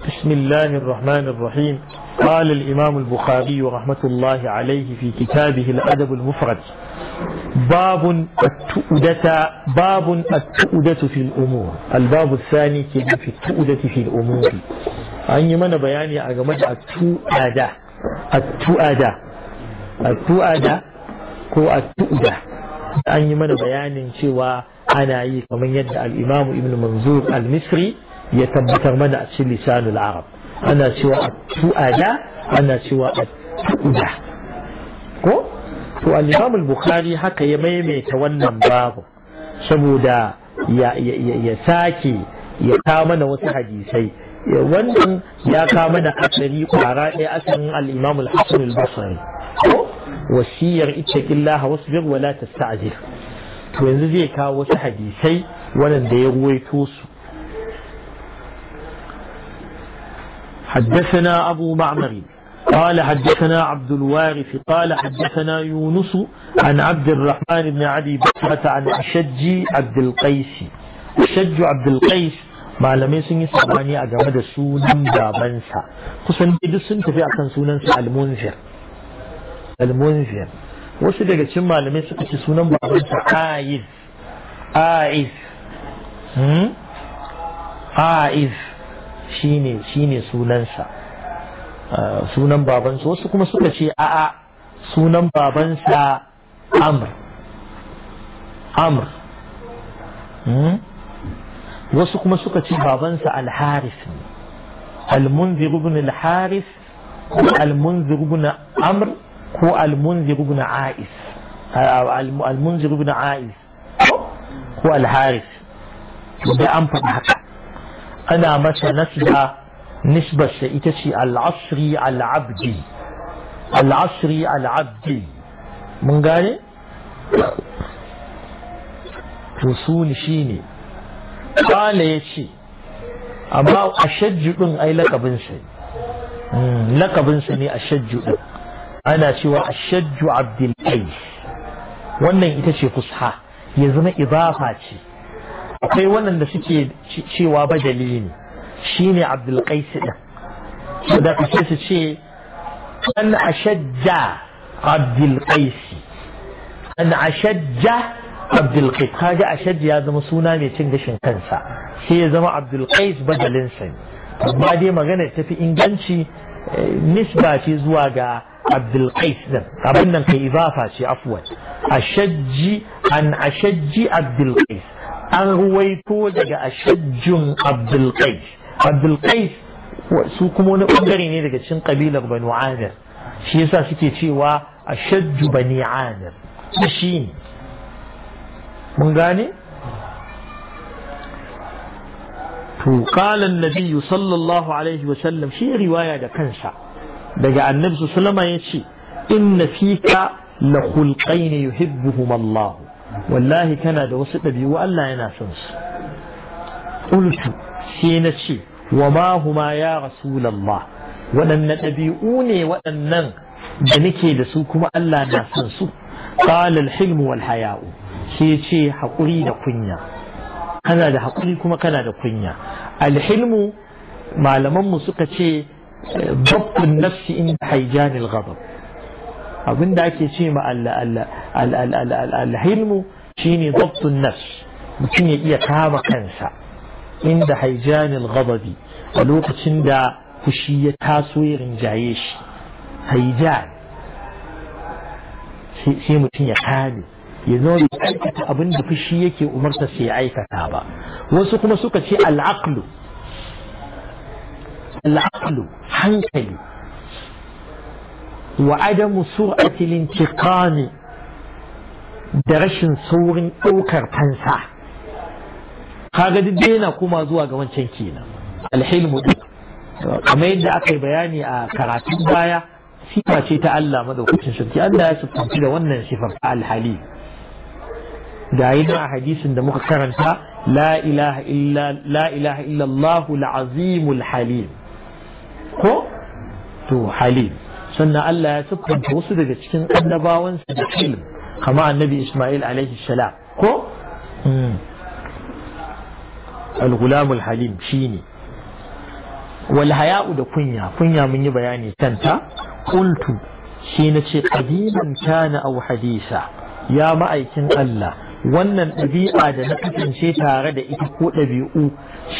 بسم الله الرحمن الرحيم قال الإمام البخاري رحمة الله عليه في كتابه الأدب المفرد باب التؤدة باب التؤدة في الأمور الباب الثاني في التؤدة في الأمور أن يمن بياني أجمد التؤدة التؤدة التؤدة هو التؤدة أن يمن بياني شوى أنا أيك ومن يدعى الإمام ابن منظور المصري ya tabbatar mana a cikin lisanul arab ana cewa tu'ada ana cewa tu'da ko to al-imam al-bukhari haka ya maimaita wannan babu saboda ya ya sake ya kawo mana wasu hadisai wannan ya ka mana asali kwara ɗaya asalin al-imam al-hasan al-basri wasiyar wasu wasbir wala tasta'jil to yanzu zai kawo wasu hadisai wannan da ya ruwaito su حدثنا أبو معمر قال حدثنا عبد الوارث قال حدثنا يونس عن عبد الرحمن بن علي بكرة عن أشج عبد القيس أشج عبد القيس malamai sun yi sabani a game da sunan babansa kusan duk sun tafi a kan sunansa almunzir almunzir wasu daga cikin malamai suka ce sunan babansa aiz aiz aiz shi ne sunansa ah, sunan baban su wasu kuma suka ce a'a sunan babansa amr amr hmm? wasu kuma suka ce babansa alharis haris al-munzir ibn al-haris ko al-munzir amr ko al-munzir a'is ah, al-munzir a'is ko al da an faɗi haka أنا متى نسبة نسبة سيتشي العصري العبدي العصري العبدي من قال تسون شيني قال يشي أما أشد جبن أي لك بنسي لك بنسني أشد جبن أنا شو أشد عبد القيس وأنا يتشي قصحة يزن إضافة akwai waɗanda suke cewa badali ne shi ne abdulkais ɗin su da kace su ce an ashajja abdulkais an ashajja abdulkais kaga ashajja ya zama suna mai cin gashin kansa sai ya zama abdulkais badalinsa ne amma dai magana ta fi inganci eh, nisba ce zuwa ga abdulkais din abin nan kai izafa ce afwan ashajji an ashajji abdulkais an ruwaito daga ashajjun abdulkai abdulkais su kuma wani bangare ne daga cikin kabilar banu amir shi yasa suke cewa ashajju bani amir shi ne mun gane to qala annabi sallallahu alaihi wa sallam shi riwaya da kansa daga annabi sallama yace inna fika la khulqain yuhibbuhum Allah والله كان هذا وسط بي والله أنا سنس أول شيء سينشي وما هما يا رسول الله ولن نتبيئوني وأنن جنكي لسوكما ألا نسنسو قال الحلم والحياء سي سيشي حقري لقنيا كان ده حقري كما كان ده قنيا الحلم ما لم نسكتي بطل النفس إن حيجان الغضب abin da ake ce ma alhilmu shine dabtun nafs mutum ya iya kama kansa inda haijanil ghadabi a lokacin da fushi ya taso ya rinjaye shi haijan sai mutum ya kame ya zo da aikata abin da fushi yake umarta sai ya aikata ba wasu kuma suka ce al'aqlu al'aqlu hankali وعدم سرعة da rashin saurin أوكر kansa. kaga duk dai yana kuma zuwa ga wancan kenan alhilmu kamar yadda aka yi bayani a karatun baya ba ce ta Allah madaukakin sarki Allah ya siffanci da wannan sifar alhali da ina a hadisin da muka karanta la ilaha illa Allah al halim ko to halim sannan Allah ya siffanta wasu daga cikin annabawansa da ilm kama annabi Ismail alaihi salam ko hmm. al halim shine wal haya'u da kunya kunya mun yi bayani kanta qultu shi nace qadiman kana aw hadisa ya ma'aikin Allah wannan ɗabi'a da na kasance tare da ita ko ɗabi'u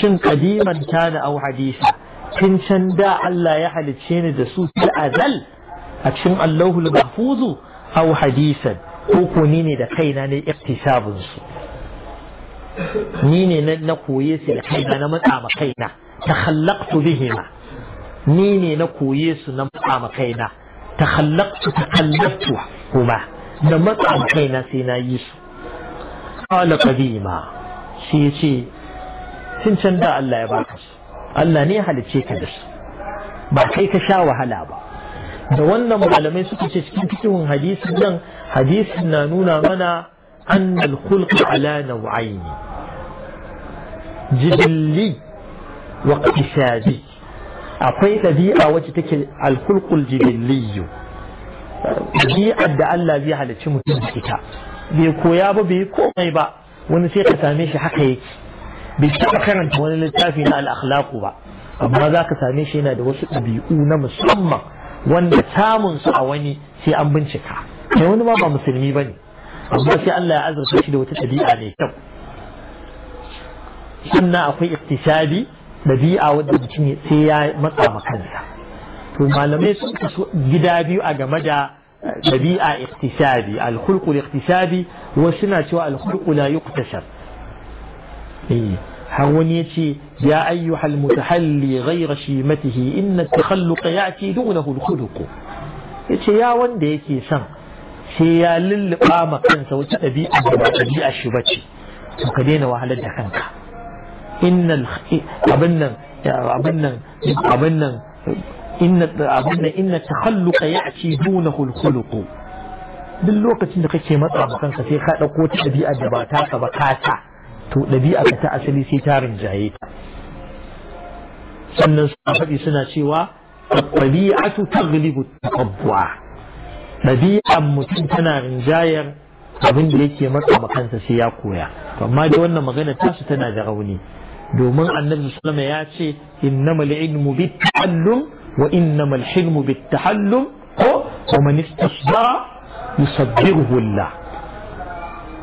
shin kadiman kana aw hadisa tun can da Allah ya halicce ni da su fil azal a cikin Allahul mahfuzu aw hadisan ko ko ni ne da kaina ne iktisabun su ni ne na koye su da kaina na matsa ma kaina takhallaqtu bihima ni ne na koye su na matsa ma kaina takhallaqtu takallaftu kuma da matsa ma kaina sai na yi su qala qadima shi yace tun can da Allah ya baka su Allah ne halicce ka da su ba kai ka sha wahala ba da wannan malamai suka ce cikin cikin hadisin nan hadisin na nuna mana an alkhulq ala nau'aini jibilli wa qisadi akwai ɗabi'a wacce take alkulkul jibilli ɗabi'ar da Allah zai halicci mutum da ita bai koya ba bai komai ba wani sai ka same shi haka yake bai taɓa karanta wani littafi na al'akhlaku ba amma za ka same shi yana da wasu ɗabi'u na musamman wanda samun su a wani sai an bincika Sai wani ma ba musulmi ba ne amma sai Allah ya azurta shi da wata ɗabi'a mai kyau sannan akwai iktisabi ɗabi'a wanda mutum sai ya matsa ma kansa to malamai sun kasu gida biyu a game da ɗabi'a iktisabi alhulqul iktisabi wasu na cewa alhulqu la yuktasab هون يا أيها المتحلي غير شيمته إن التخلق يأتي دونه الخلق يتي يا ونديكي يتي سن سي للقامة كنت وتأبي أبي أشبتي وكدين وعلى دكانك إن الخ أبنا يا أبنا أبنا إن أبنا إن التخلق يأتي دونه الخلق باللوقت اللي قلت ما تعرف كنت في خلق وتأبي أبي أشبتي to ɗabi'a ta asali sai ta rinjaye ta sannan suna faɗi suna cewa ɗabi'atu taghlibu taqabbu'a ɗabi'an mutum tana rinjayar abin da yake maka makansa sai ya koya amma da wannan magana tasu tana da rauni domin annabi sallama ya ce innamal ilmu bitta'allum wa innamal hilmu bitta'allum ko wa man istasbara yusabbiruhu Allah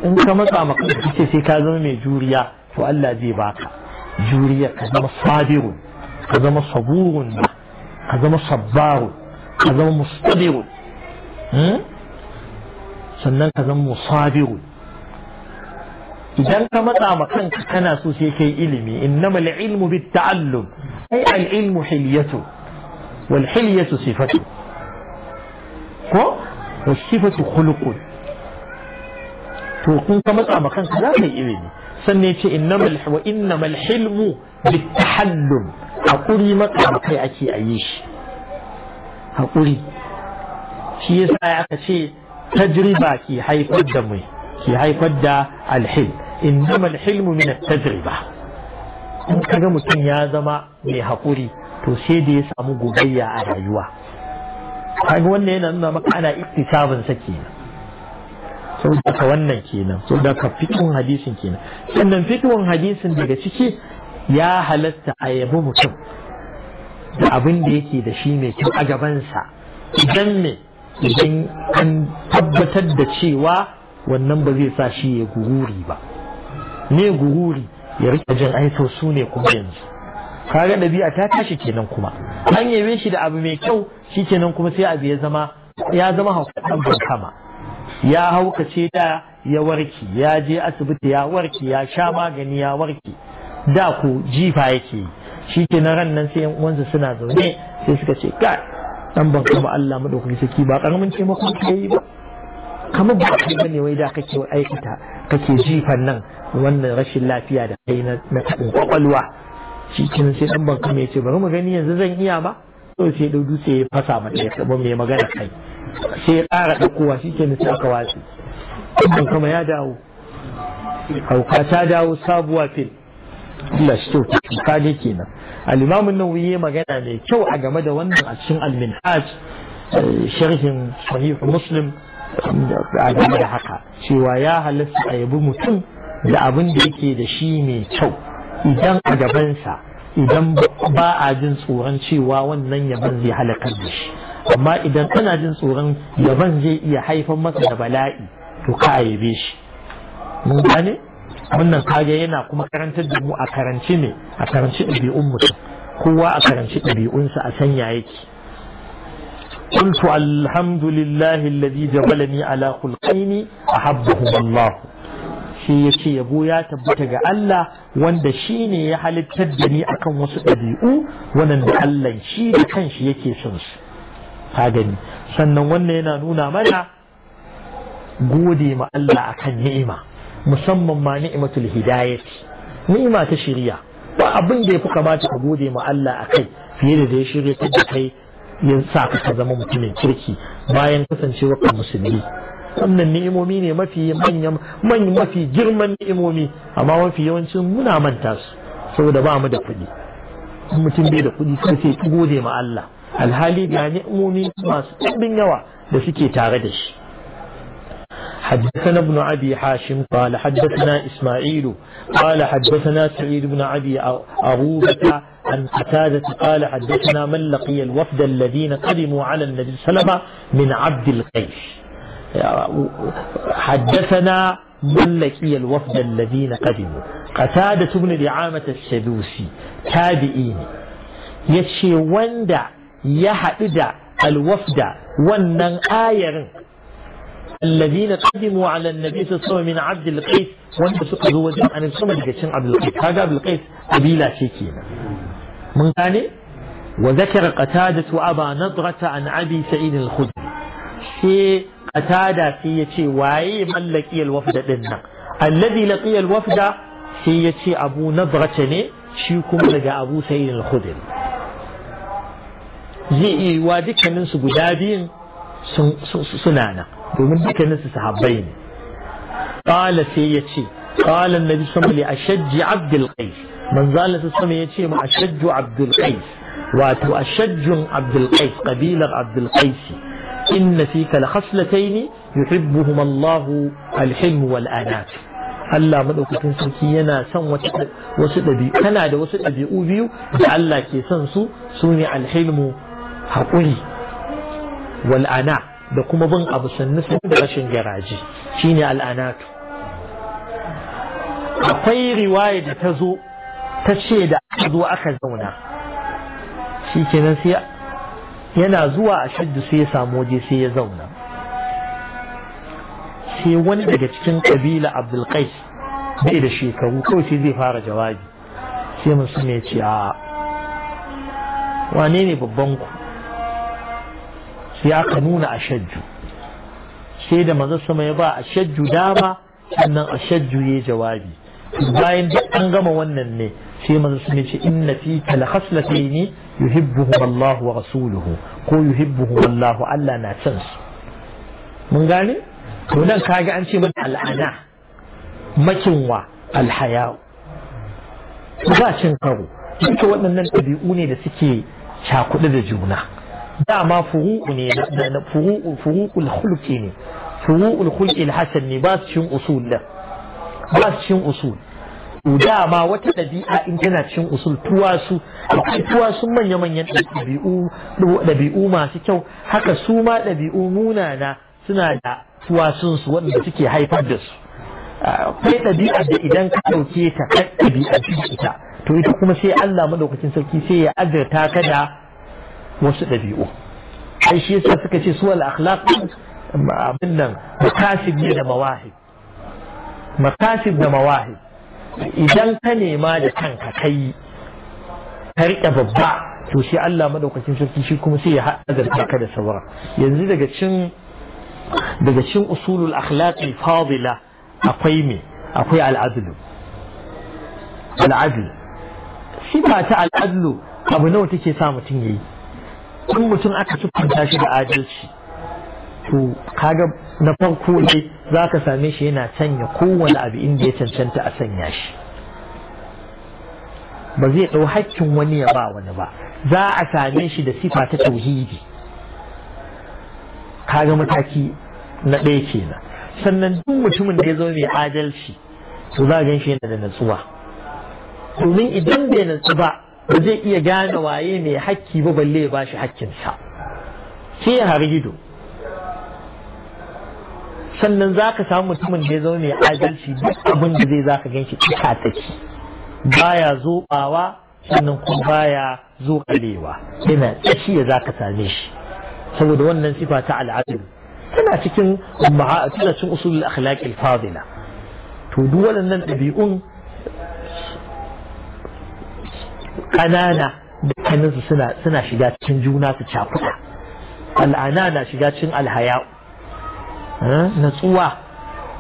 in ka matsa maka ce sai ka zama mai juriya to Allah zai baka juriya ka zama sabirun ka zama saburun ka zama sabbarun ka zama mustabirun sannan ka zama musabirun idan ka matsa ma kanka kana so sai kai ilimi innamal ilmu bit ta'allum ai al ilmu hilyatu wal hilyatu sifatu ko was sifatu khuluqun to kun ka matsa ma kanka za ka yi ilimi sannan ce innamal wa innamal hilmu bitahallum hakuri matsa ma kai ake a yi shi hakuri shi yasa aka ce tajriba ki haifar da mai ki haifar da alhil innamal hilmu min tajriba in kaga mutum ya zama mai hakuri to sai da ya samu gogayya a rayuwa kaga wannan yana nuna maka ana iktisabin sa kenan sau wannan kenan sau da ka hadisin kenan sannan fikihun hadisin daga ciki ya halatta a mutum da abin da yake da shi mai kyau a gabansa idan me idan an tabbatar da cewa wannan ba zai sa shi ya gururi ba ne gururi ya rike jin to su ne kuma yanzu kaga ɗabi'a ta tashi kenan kuma an yabe shi da abu mai kyau shi kenan kuma sai abu ya zama ya zama hakuran kama ya haukace da ya warke ya je asibiti ya warke ya sha magani ya warke da ku jifa yake shi ke na ran nan sai yan suna zaune sai suka ce ga dan ban kama Allah madaukaki saki ba karamin ce maka kai ba kamar ba kai bane wai da kake aikata kake jifan nan wannan rashin lafiya da kai na tabin kwakwalwa shi ke sai dan ban kama ya ce bari mu gani yanzu zan iya ba to sai dau dutse ya fasa mata ya mai magana kai sai ya ƙara ɗaukowa shi ke nufin aka watsi ɗan kama ya dawo hauka ta dawo sabuwa fil Allah shi kyau kuka ne kenan nan imamun nan ya magana mai kyau a game da wannan a cikin alminhaj eh, sharhin sahih muslim a game da haka cewa ya halatta a yabi mutum da abin da yake da shi mai kyau idan a gabansa idan ba a jin tsoron cewa wannan yaban zai halakar da shi amma idan kana jin tsoron gaban zai iya haifar masa da bala'i to ka yabe shi mun gane wannan kage yana kuma karantar da mu a karanci ne a karanci ɗabi'un mutum kowa a karanci ɗabi'unsa a sanya yake قلت الحمد لله الذي جبلني a خلقين أحبهما الله shi ya ce yabo ya tabbata ga Allah wanda shine ya halittar da ni akan wasu ɗabi'u wannan Allah shi da kanshi yake son su ka gani sannan wannan yana nuna mana gode ma Allah akan ni'ima musamman ma ni'imatul ni'ima ta shiriya ba abin da ya fi kamata ka gode ma Allah akai fiye da da ya shirya ta da kai ya sa ka ka zama mutumin kirki bayan kasancewa ka musulmi wannan ni'imomi ne mafi manyan manyan mafi girman ni'imomi amma mafi yawancin muna manta su saboda ba mu da kuɗi mutum bai da kuɗi sai sai gode ma Allah alhali ga ni'imomi masu ɗimbin yawa da suke tare da shi حدثنا ابن أبي حاشم قال حدثنا إسماعيل قال حدثنا سعيد بن أبي أروبة عن قتادة قال حدثنا من لقي الوفد الذين قدموا على النبي صلى الله عليه وسلم من عبد القيس حدثنا من لقي الوفد الذين قدموا قتادة بن دعامة السدوسي تابعين يشي وندا ya haɗu da alwafda wannan ayarin الذين قدموا على النبي صلى الله عليه وسلم من عبد القيس وانت سكر هو جمع عن السمى لكشن عبد القيس هذا عبد القيس قبيلة شيكينا من ثاني وذكر قتادة وأبا نضرة عن أبي سعيد الخدري شيء قتادة في شيء واي من لقي الوفد لنا الذي لقي الوفد في شيء أبو نضرة شيء كم لقى أبو سعيد الخدري يئوا دكنن سو غدادين سنانا دومن دكنن سو صحابين قال سيتي قال النبي صلى الله عليه وسلم لاشج عبد القيس من قال صلى الله عليه وسلم اشج عبد القيس واتو اشج عبد القيس قبيله عبد القيس ان فيك لخصلتين يحبهما الله الحلم والانات الله مدوكتين سنكي ينا سن وسد بي انا وسد بي اوبيو الله سنسو سوني الحلم haƙuri wal'ana da kuma bin abu sannu sun da rashin garaji shine al'anatu akwai riwaya da ta zo ta ce da aka zo aka zauna shi kenan sai yana zuwa a shaddu sai ya samu waje sai ya zauna sai wani daga cikin ƙabila abdulkais bai da shekaru kawai sai zai fara jawabi sai musu ne ce a wane ne babban ku sai aka nuna ashajju sai da maza sama ya ba ashajju dama sannan shajju ya jawabi bayan duk an gama wannan ne sai maza sama ce inna fi kala khaslataini Allah wa rasuluhu ko yuhibbuhum Allah Allah na san su mun gane to nan kaga an ce mata al'ana makinwa alhaya ba cin karo duka waɗannan ɗabi'u ne da suke cakuɗe da juna dama furu'u ne na furu'u furu'ul khulqi ne furu'ul khulqi al ne ba su cin usul da ba su cin usul dama wata ɗabi'a in tana cin usul su akwai su manya-manyan ɗabi'u dabi'u masu kyau haka su ma ɗabi'u munana suna da su waɗanda suke haifar da su Kai ɗabi'ar da idan ka ɗauke ta dabi'a ita to ita kuma sai Allah madaukakin sarki sai ya azurta ka da wasu ɗabi'u ai shi yasa suka ce suwal akhlaq abin nan makasib ne da mawahib makasib da mawahib idan ka nema da kanka kai ka riƙe babba to shi Allah madaukakin sarki shi kuma sai ya haɗa ka da saura yanzu daga cin daga cin usulul akhlaqi fadila akwai me akwai al'adlu al'adlu al'adlu abu nawa take sa mutum yayi in mutum aka sukunta shi da adalci to kaga na farko ne za ka same shi yana canya kowane abu inda ya cancanta a sanya shi ba zai ɗau haƙƙin wani ya ba wani ba za a same shi da sifa ta tauhidi kaga mataki na ɗaya kenan sannan duk mutumin da ya zo mai adalci to za a gan shi yana da natsuwa domin idan bai natsu ba ba zai iya gane waye mai hakki ba balle ya bashi hakkinsa sai ya ido sannan za ka samu mutumin da ya zama mai adalci duk abin da zai zaka ka gan shi cika tsaki baya zobawa sannan kuma baya zo kalewa yana tsakiya za ka same shi saboda wannan sifa ta al'adul tana cikin tana cikin usulul akhlaq fadila to duk waɗannan ɗabi'un ƙanana da suna suna shiga cikin juna su cakuɗa al'ana na shiga cikin alhaya eh, natsuwa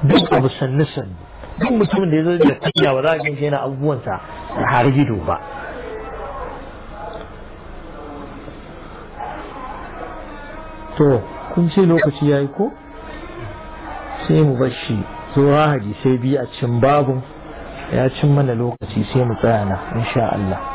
duk abu sannu sannu duk mutumin da ya zai da tafiya ba za ka ganshi yana abubuwansa a gido ba to kun ce lokaci ya yi ko sai mu bar shi zuwa hadisai biyu a cin babu ya cin mana lokaci sai mu tsaya na insha Allah